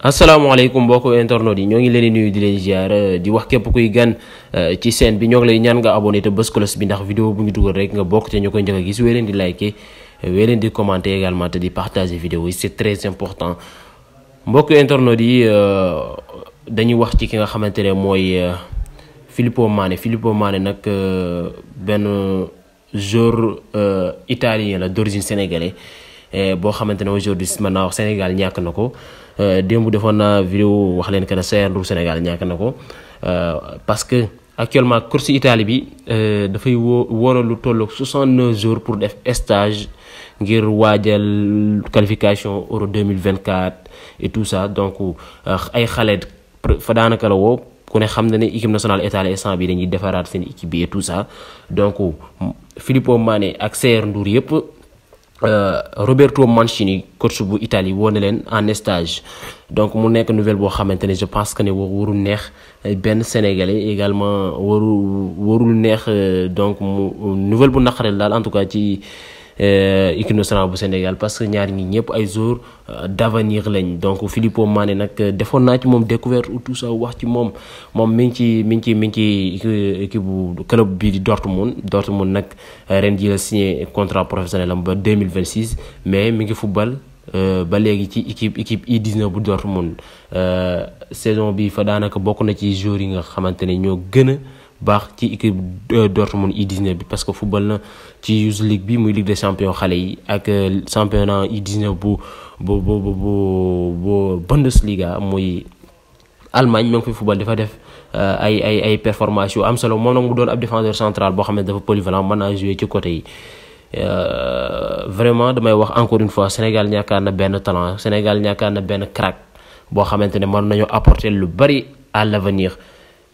assalamu mbokk internautes yi ñoo ngi leen nuyu di leen ziar di wax képp kuy gan e, ci scène bi ñoo lay ñaan nga abonné vidéo bu ñu rek nga gis di liker commenter également te di partager vidéo c'est très important mbokk internet yi e, dañuy wax ci ki nga xamante ne mooy e, Filippo Mané Filippo Mané nag italien la d'origine sénégalaise Eh, boo xamante ne aujourd'hui mën naa wax Sénégal ñàkk na ko eh, démb defoon na vidéo wax leen que ne Cher Sénégal ñàkk na ko eh, parce que actuellement course Italie bi dafay woo woon lu tolloog 69 jours pour def estage ngir waajal qualification euro 2024 et tout ça donc ay xale fa daanaka la woo ku ne xam na ne équipe nationale Italie instant bi dañuy defaraat seen équipe bi et tout ça donc Filippo Mané ak Cher Ndour yëpp. Euh, Roberto Mancini coach de Italie one en stage donc mon une nouvelle boo je pense que nous avons neex ben sénégalais également Nous euh, avons donc une nouvelle bu en tout cas Euh, équipe nationale bu Sénégal parce que ñaar ñi ñëpp ay joueurs euh, d'avenir lañ donc Filippo Mané nag euh, defoon naa ci moom découverte tout ça wax ci moom moom mi ngi ci mi ngi ci mi ngi ci équipe bu club bi di Dortmund Dortmund nag ren ji la signé contrat professionnel am ba 2026 mais mi ngi football ba léegi ci équipe équipe U19 bu Dortmund saison bi fa daanaka bokk na ci joueurs yi nga xamante ne ñoo gën a baax ci équipe Dortmund U19 bi parce que football na ci use League bi muy Ligue des champions xale yi ak euh, championnat U19 bu bu bu bu Bundesliga muy Allemagne ma ngi fi football dafa def euh, ay ay ay performance yu am solo moom nag mu doon ab défenseur central boo xam ne dafa polyvalent mën naa jouer ci côté yi euh, vraiment damay wax encore une fois Sénégal ñàkkaar na benn talent Sénégal ñàkkaar na benn crack boo xamante ne mën nañoo apporter lu bari à l'avenir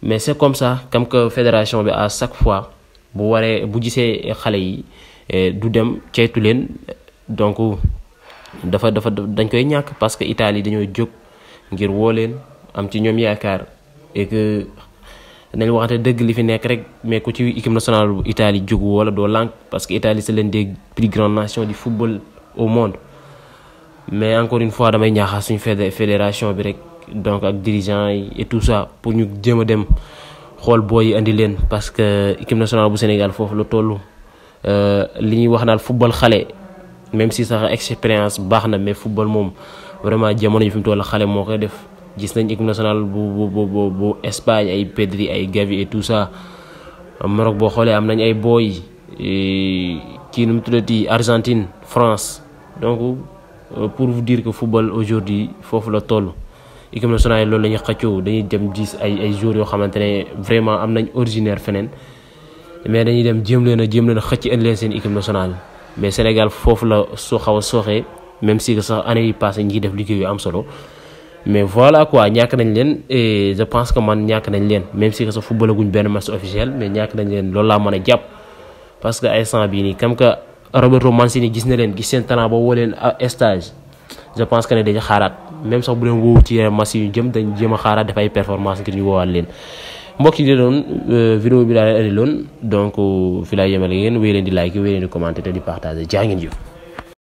mais c'est comme ça comme que fédération bi à chaque fois bu waree bu gisee xale yi eh, du dem ceytu leen donc dafa dafa dañ koy ñàkk parce que Italie dañoo jóg ngir woo leen am ci ñoom yaakaar et que nañ waxante dëgg li fi nekk rek mais ku ci équipe nationale bu Italie jóg wala doo lànk parce que Italie c'est l'une des plus grandes nations du football au monde mais encore une fois damay ñaaxaat suñu fédération bi rek. donc ak dirigeant yi et tout ça pour ñu jéem a dem xool boy yi andi leen parce que équipe nationale bu Sénégal foofu la toll euh, li ñuy wax naan football xale même si sax expérience baax na mais football moom vraiment jamono ji fi mu toll xale moo koy def gis nañ équipe nationale bu bu bu bu Espagne ay Pedri ay Gavi et tout ça Maroc boo xoolee am nañ ay boy kii nu mu Argentine France donc euh, pour vous dire que football aujourd'hui foofu la toll équipe nationale loolu la ñuy xëccoo dañuy dem gis ay ay jours yoo xamante ne vraiment am nañ originaire feneen mais dañuy dem jéem leen a jéem leen a xëcc indi leen seen équipe nationale mais Sénégal foofu la soo xaw a sooxee même si que sax année yi passé ñi def liggéey yu am solo mais voilà quoi ñàkk nañ leen et je pense que man ñàkk nañ leen même si que sax footballaguñ benn match officiel mais ñàkk nañ leen loolu laa mën a jàpp parce que ay sang bii nii comme que Roberto Mancini gis na leen gis seen talent ba woo leen stage je pense que ne dañu xaaraat même sax bu leen woowu ci yeneen match yu jëm dañ jéem a xaaraat def ay performance ngir ñu woowaat leen mbokk yi di doon euh, vidéo bi laa leen andi loon donc euh, fi laay yemale ngeen wéy leen di like wéy leen di commenter di partager jaa ngeen jëf